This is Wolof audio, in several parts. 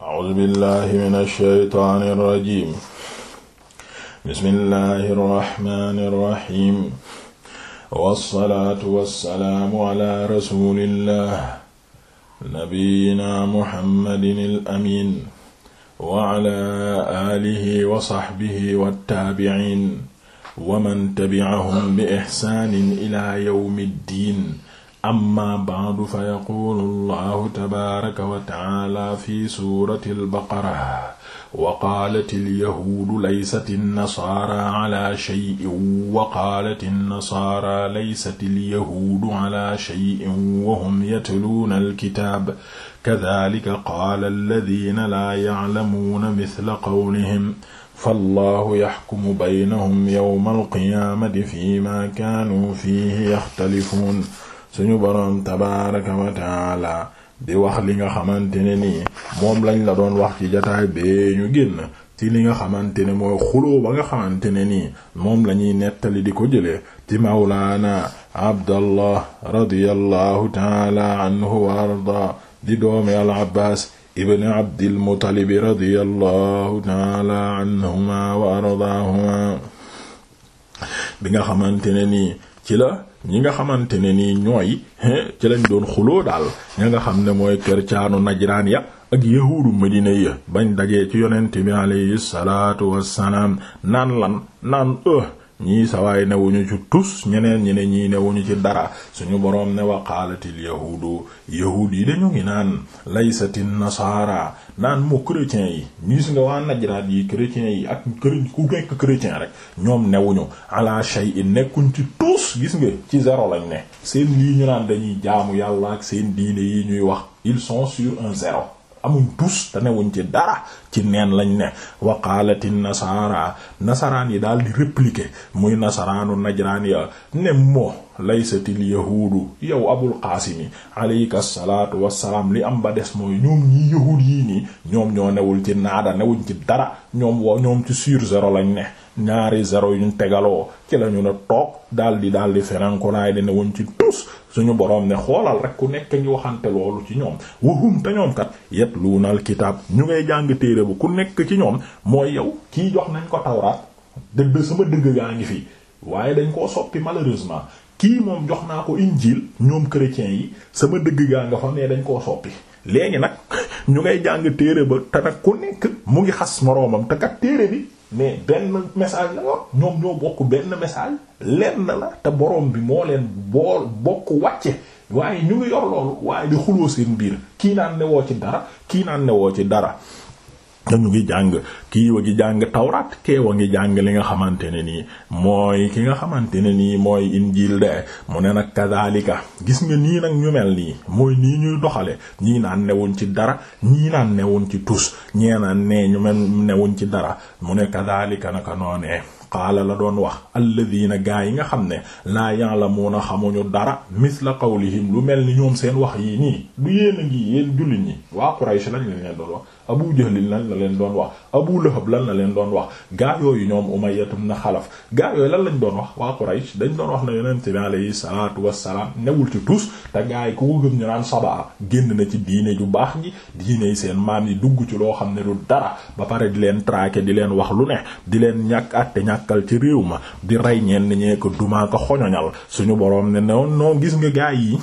A'uuzu billaahi mina shaytaani rajiim bismillaahi rahmaani rahiim wassalaatu wassalaamu alaa rasuulillaah nabiyyinaa Muhammadinil amiin wa alaa aalihi wa sahbihi wattaabi'iin wa man tabi'ahum bi ihsaanin ilaa yawmid diin amma ba'du fa yaquulu allahu tabaaraka wa ta'aala fi suurati albaqara wa qaalat alyahuudu laysat alnasaara ala shay'in wa qaalat alnasaara laysat alyahuudu ala shay'in wa hum yatluuna alkitaab kadhalika qaala alladhiina laa ya'lamuuna mithla qawlihim fallahu yaxkumu baynahum yawma alqiyaamati fiimaa kaanuu fiihi yaxtalifuun suñu boroom tabaaraka wa di wax li nga xamante ne nii moom lañ la doon wax ci jataay bee ñu génn ci li nga xamante ne mooy xuloo ba nga xamante ne nii moom lañuy nettali di ko jëlee ci mawlaana abdallah radiyallahu taala anhu wa arda ardaahuma bi nga xamante nii ci la ñi nga xamante ne nii ñooy ci lañ doon xuloo daal ña nga xam ne mooy kër caanu najraan ya ak yahuudu madina ya bañ dajee ci yonent bi alayhi salaatu naan lan naan euh ñii sawaay newuñu ci tus ñeneen ñi ne ñii newuñu ci dara suñu boroom ne wa qaalatil yahuudu yahuud yi dañu ngi naan laysati nasaara naan mu chrétien yi gis nga waa najraat yi chrétien yi ak ku nekk chrétien rek ñoom newuñu ala shay'in nekkuñ ci tus gis nga ci zéro lañ ne seen lii ñu naan dañuy jaamu yàlla ak seen diine yi ñuy wax ils son sur un zéro amuñ tus te newuñ ci dara ci neen lañ ne waqaalati nasaara nasaraan yi daal di répliquer muy nasaraanu najraan ya ne moo laysatil yahuudu yow abul qaasimi alayka salaatu wassalaam li am ba des mooy ñoom ñii yahuud yii nii ñoom ñoo newul ci naada newuñ ci dara ñoom woo ñoom ci sur zéro lañ ne ñaari zéro yuñ tegaloo ci lañu ne toog daal di daal di ferankonaay di newuñ ci tus suñu boroom ne xoolal rek ku nekk ngi waxante loolu ci ñoom wahum te ñoom kat yatluunal kitaab ñu ngay jàng téere ba ku nekk ci ñoom mooy yow kii jox nañ ko tawraat dëgg sama dëgg gaa ngi fii waaye dañ koo soppi malheureusement kii moom jox naa ko injil ñoom chrétiens yi sama dëgg gaa nga fa ne dañ koo soppi léegi nag ñu ngay jàng téere ba te nag ku nekk mu ngi xas moroomam te kat téere bi mais benn message la woon ñoom ñoo bokk benn message lenn la te borom bi moo leen bool bokk wàcce waaye ñu ngi yor loolu waaye di xuloo seen biir kii naan newoo ci dara kii naan newoo ci dara ñu ngi jàng kii gi ngi jàng tawraat kee wa ngi jàng li nga xamante ne nii mooy ki nga xamante ne nii mooy injiil de mu ne nag kadaalika gis nga nii nag ñu mel nii mooy nii ñuy doxale ñii naan newuñ ci dara ñii naan newuñ ci tus ñee naan ne ñu mel newuñ ci dara mu ne kadalika naka noonee qaala la doon wax alladina gaa yi nga xam ne laa a xamuñu dara misla qawlihim lu mel ni ñoom seen wax yii nii du yéen a ngi yéen jullit ñi waa Quraysh lañ la leen doon wax Abu Jahl lan la leen doon wax Abu Lahab lan la leen doon wax gaa yooyu ñoom Umayya ibn Xalaf gaa yooyu lan lañ doon wax waa Quraysh dañ doon wax ne yonent bi alayhi salaatu wassalaam newul ci tus te gaa yi ku ko gëm ñu naan sabaa génn na ci diine ju baax ji diine yi seen maam yi dugg ci loo xam ne du dara ba pare di leen traquer di leen wax lu ne di leen gàkkal ci réew ma di rey ñenn ñee ko dumaa ko xoñoñal suñu boroom ne non noo gis nga gaay yi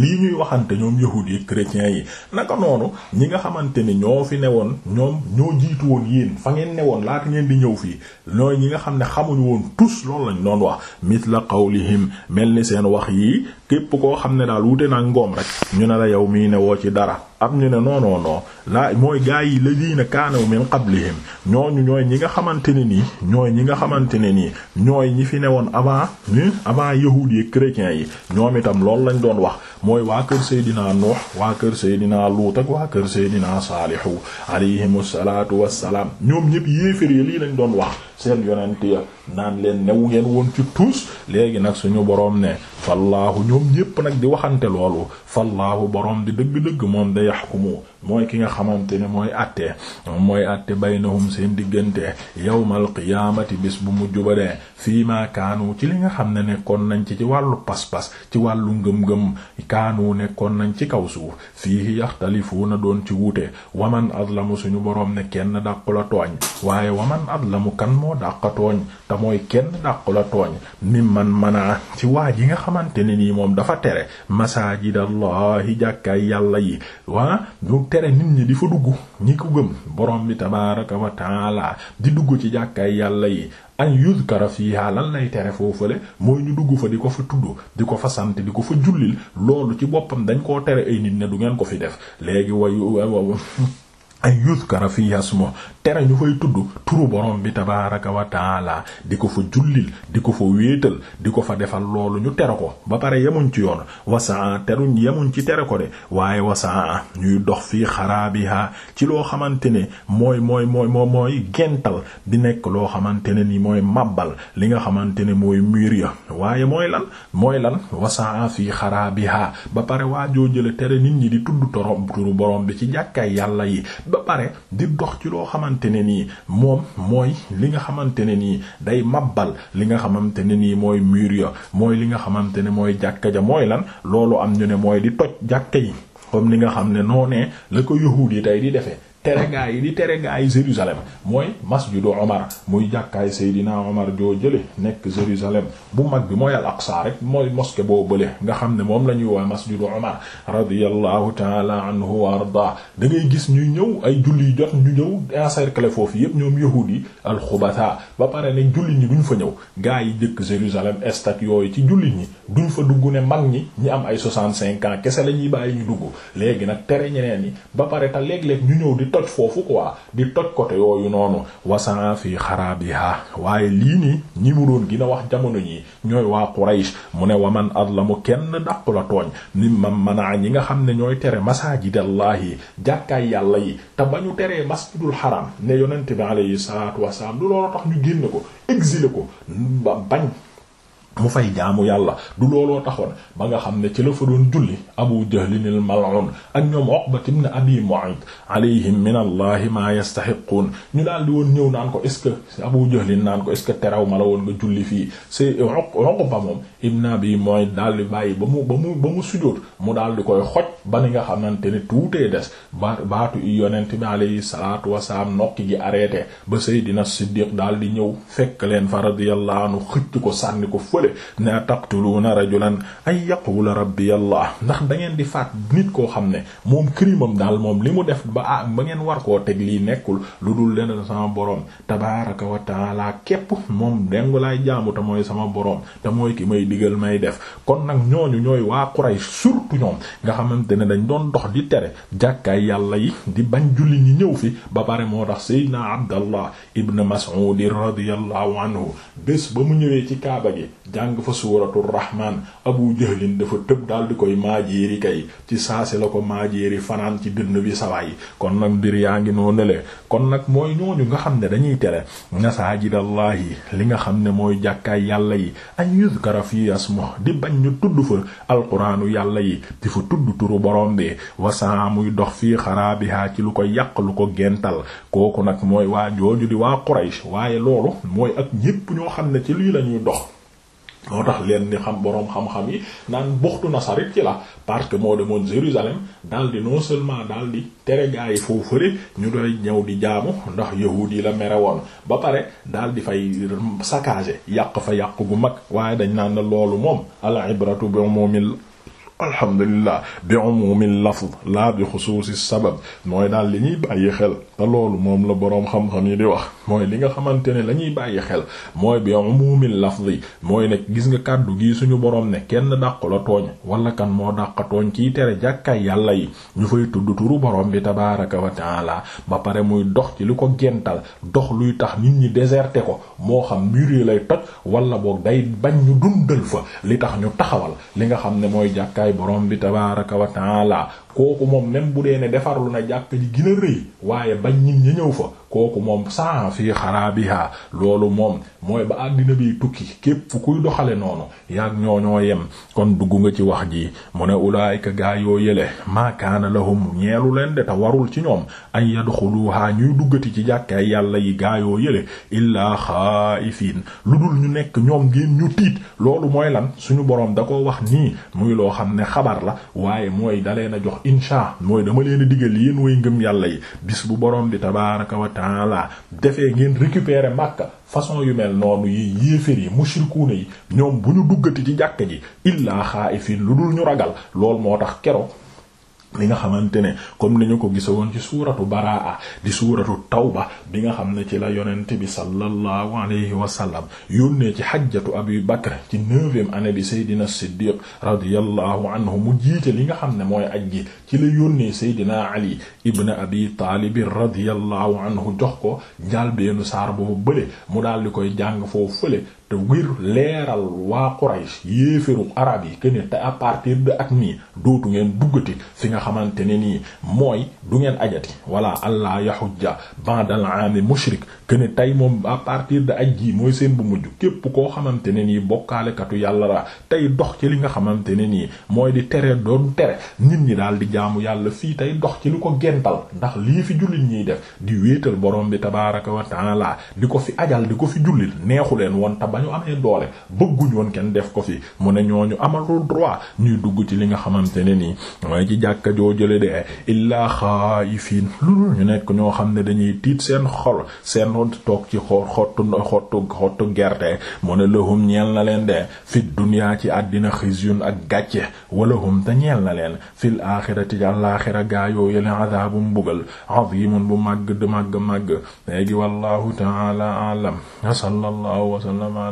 lii ñuy waxante ñoom yahuud yi chrétiens yi naka noonu ñi nga xamante ni ñoo fi woon ñoom ñoo jiitu woon yéen fa ngeen ne woon laata ngeen di ñëw fii ñooy ñi nga xam ne xamuñu woon tous loolu lañ doon wax mithla qawlihim mel ni seen wax yi képp koo xam ne daal wute naa ngoom rek ñu ne la yow mii newoo ci dara am ñu ne non non non la mooy gaa yi ladina kaanu min qablihim ñooñu ñooy ñi nga xamante ne nii ñooy ñi nga xamante ne nii ñooy ñi fi newoon avant avant yahuud yi chrétiens yi ñoom itam loolu lañ doon wax mooy waa kër Seydina Nuux waa kër Seydina Luut ak waa kër Seydina Saalihu alayhimu salaatu wassalaam ñoom ñëpp yéefér yi lii lañ doon wax seen yonent ya naan leen new ngeen woon ci tuus léegi nag suñu boroom ne fallaahu ñoom ñépp nag di waxante loolu fallaahu boroom di dëgg-dëgg moom da yaxkumu mooy ki nga xamante ne mooy àtte mooy àtte baynahum seen diggante yawmal qiyaamati bis bu mujj ba dee fii maa kaanu ci li nga xam ne nekkoon nañ ci ci wàllu pas-pas ci wàllu ngëm-ngëm kaanu nekkoon nañ ci kaw suuf fii na doon ci wuute waman adlamu suñu boroom ne kenn dàqu la tooñ waaye waman adlamu kan moo dàqa tooñ te mooy kenn dàqu la tooñ ni man manaa ci waa ji nga xamante ne nii moom dafa tere masaajidallahi jàkkaay yàlla yi waa tere nit ñi di fa dugg ñi ko gëm borom bi tabaaraka wa taala di dugg ci jàkkaay yàlla yi an yuzkara fiha lan lay tere foofale mooy ñu dugg fa di ko fa tudd di ko fa sant di ko fa jullil loolu ci boppam dañ koo tere ay nit ne du ngeen ko fi def léegi wayu an yuzkara fiha smu tere ñu fay tudd turu borom bi tabaaraka wa taala di ko fa jullil di ko fa wéetal di ko fa defal loolu ñu tere ko ba pare yemuñ ci yoon wasaa teruñ yemuñ ci tere ko de waaye wasaa ñuy dox fii xaraabiha ci loo xamante ne mooy mooy mooy mooy mooy gental di nekk loo xamante ne ni mooy màbbal li nga xamante ne mooy mur ya waaye mooy lan mooy lan wasaa fii xaraabiha ba pare waajoo jële tere nit ñi di tudd torom turu borom bi ci jàkkaay yàlla yi ba pare di dox ci xamante ne nii moom mooy li nga xamante ne nii day mabbal li nga xamante ne nii mooy mur mooy li nga xamante ne mooy jàkka ja mooy lan loolu am ñu ne mooy di toj jàkka yi comme li nga xam ne noonee la ko yahuud yi tey di defee tere gaa yi di tere gaa yi Jérusalem mooy masjidu Omar muy jàkkaay Seydina Omar joo jële nekk Jérusalem bu mag bi mooy al Aqsa rek mooy mosquée boo bële nga xam ne moom la ñuy woowe masjidu Omar radiyallahu taala anhu wa arda da ngay gis ñu ñëw ay julli yu jot ñu ñëw encercler foofu yépp ñoom yahuud yi al xubata ba pare ne julli ñi duñ fa ñëw gaa yi jëkk Jérusalem estat yooyu ci julli ñi duñ fa dugg ne mag ñi ñi am ay soixante-cinq ans kese la ñuy bàyyi ñu dugg léegi nag toj foofu quoi di toj côté yooyu noonu wasaa fi xarabiha waaye lii nii ñi mu doon gën wax jamono ñi ñooy waa Quraysh mu ne waman mu kenn dàq la tooñ ni man manaa ñi nga xam ne ñooy tere masajidallahi jàkkaay yàlla yi te ba ñu teree masjidul haram ne yonent bi alayhi salaatu wasalaam du loolu tax ñu génn ko exilé ko ba bañ mu fay jaamu yàlla du looloo taxoon ba nga xam ne ci la fa doon julli abu jahlinil mal'un ak ñoom uqbat ibn abi mu'ayt alayhim min allahi maa yastaxiquun ñu daal di woon ñëw naan ko est ce que abu jahlin naan ko est ce que teraw ma la fii c'est uqba moom ibn abi daal bàyyi ba mu ba mu ba mu sujóot mu daal di koy xoj ba ni nga xamante ne tuutee des ba baatu i yonent bi alayhi salatu wasalaam nokki gi arrêté ba seydina siddiq daal di ñëw fekk leen fa radiyallahu xëcc ko sànni ko boole ne taqtuluuna rajulan ay yaqula rabbi allah ndax da ngeen di faat nit koo xam ne moom crimam daal moom li mu def ba ah ba ngeen war koo teg lii nekkul lu dul leneen sama boroom tabaraka wa taala képp moom dengu laay jaamu te mooy sama boroom te mooy ki may digal may def kon nag ñooñu ñooy waa Quraysh surtout ñoom nga xamante ne dañ doon dox di tere jàkkaay yàlla yi di bañ julli ñi ñëw fi ba pare moo tax Seydina Abdallah ibn Mas'ud radiyallahu anhu bés ba mu ñëwee jàng fa suuratul rahmaan abu jahlin dafa tëb daal di koy maajeeri kay ci saase la ko maajeeri fanaan ci dënn bi sawaay kon nag mbir yaa ngi noonu le kon nag mooy ñooñu nga xam ne dañuy tere masaajidallahi li nga xam ne mooy jàkkaay yàlla yi an yuzkara fi asmu di bañ ñu tudd fa alquraanu yàlla yi di fa tudd turu borom bi wasaa muy dox fii xaraabihaa ci lu ko yàq lu ko gental kooku nag mooy waa jooju di waa Quraysh waaye loolu mooy ak ñépp ñoo xam ne ci lii lañuy dox moo tax leen ni xam boroom xam-xam yi naan buxtu nasarit ci la parce que moo demoon Jérusalem daal di non seulement daal di tere gaa yi foo fëre ñu doy ñëw di jaamu ndax yahuud yi la mere woon ba pare daal di fay saccager yàq fa yàq gu mag waaye dañ naan na loolu moom al ibratu bi umumil alhamdulillah bi umumil lafz la bi xusuusi sabab mooy daal li ñuy bàyyi xel te loolu moom la boroom xam-xam yi di wax mooy li nga xamante ne lañuy bàyyi xel mooy bi umumil lafz yi mooy ne gis nga kàddu gi suñu boroom ne kenn dàq la tooñ wala kan moo dàq tooñ kiy tere jàkkaay yàlla yi ñu fay tudd turu boroom bi tabaraka wa taala ba pare muy dox ci lu ko gental dox luy tax nit ñi déserté ko moo xam mur lay toj wala boog day bañ ñu dundal fa li tax ñu borom bi tabaaraka wa taala kooku moom même bu dee ne defarlu na jàkk ji gën rëy waaye bañ nit ñi ñëw fa kooku moom saa fii xaraabiha loolu moom mooy ba àddina bi tukki képp fu kuy doxale noonu yaag ñoo ñoo yem kon dugg nga ci wax ji mu ne ulaayika gaa yoo yële maakaana lahum ñeelu leen de te warul ci ñoom an yadxuluha ñuy duggati ci jàkkaay yàlla yi gaa yoo yële illaa xaa'ifiin lu dul ñu nekk ñoom ngeen ñu tiit loolu mooy lan suñu boroom da ko wax nii muy loo xam ne xabar la waaye mooy dalee na jox incha mooy dama leen digal yéen way ngëm yàlla yi bis bu boroom bi tabaraka wa taala defee ngeen récupérer Makka façon yu mel noonu yi yéefér yi mushrikuuna yi ñoom bu ñu duggati ci jàkka ji illaa xaa'ifiin lu dul ñu ragal lool moo tax keroog li nga xamante ne comme ni ñu ko gisoon ci suuratu baraa di suuratu tawba bi nga xam ne ci la yonent bi sallallahu alayhi wa sallam yónnee ci xajjatu abi bakr ci neuvième année bi seydina siddiq radiyallahu anhu mu jiite li nga xam ne mooy aj gi ci la yónnee seydina ali ibn abi taalib radiyallahu anhu jox ko njaal beenu saar boobu bële mu daal di koy jàng foofu fële te wir leeral waa Quraysh yéeféru arab yi que ne te à partir ak nii dootu ngeen duggati fi nga xamante ne nii mooy du ngeen ajati walla allah yahujja ba'dal aami mushrik que ne tey moom à partir de aj ji mooy seen bu mujj képp koo xamante ne nii bokkaalekatu yàlla la tey dox ci li nga xamante ne nii mooy di tere doon tere nit ñi daal di jaamu yàlla fii tey dox ci li ko gental ndax lii fi jullit ñiy def di wéetal borom bi tabaaraka wa di ko fi ajal di ko fi jullit ñu amee doole bëgguñ woon kenn def ko fi mu ne ñooñu amalul droit ñuy dugg ci li nga xamante ne nii mooy ci jàkka joo jële de illaa xaayifiin lu ñu nekk ñoo xam ne dañuy tiit seen xol seen toog ci xor xottu xottu xottu gerte mu ne lahum ñeel na leen de fi dunyaa ci àddina xisyun ak gàcce walahum te ñeel na leen fil aaxirati ci àllaaxira gaa yooyu leen adaabu mbugal azimun bu màgg de màgg màgg léegi wallahu ta'ala a'lam wa sallallahu wa sallama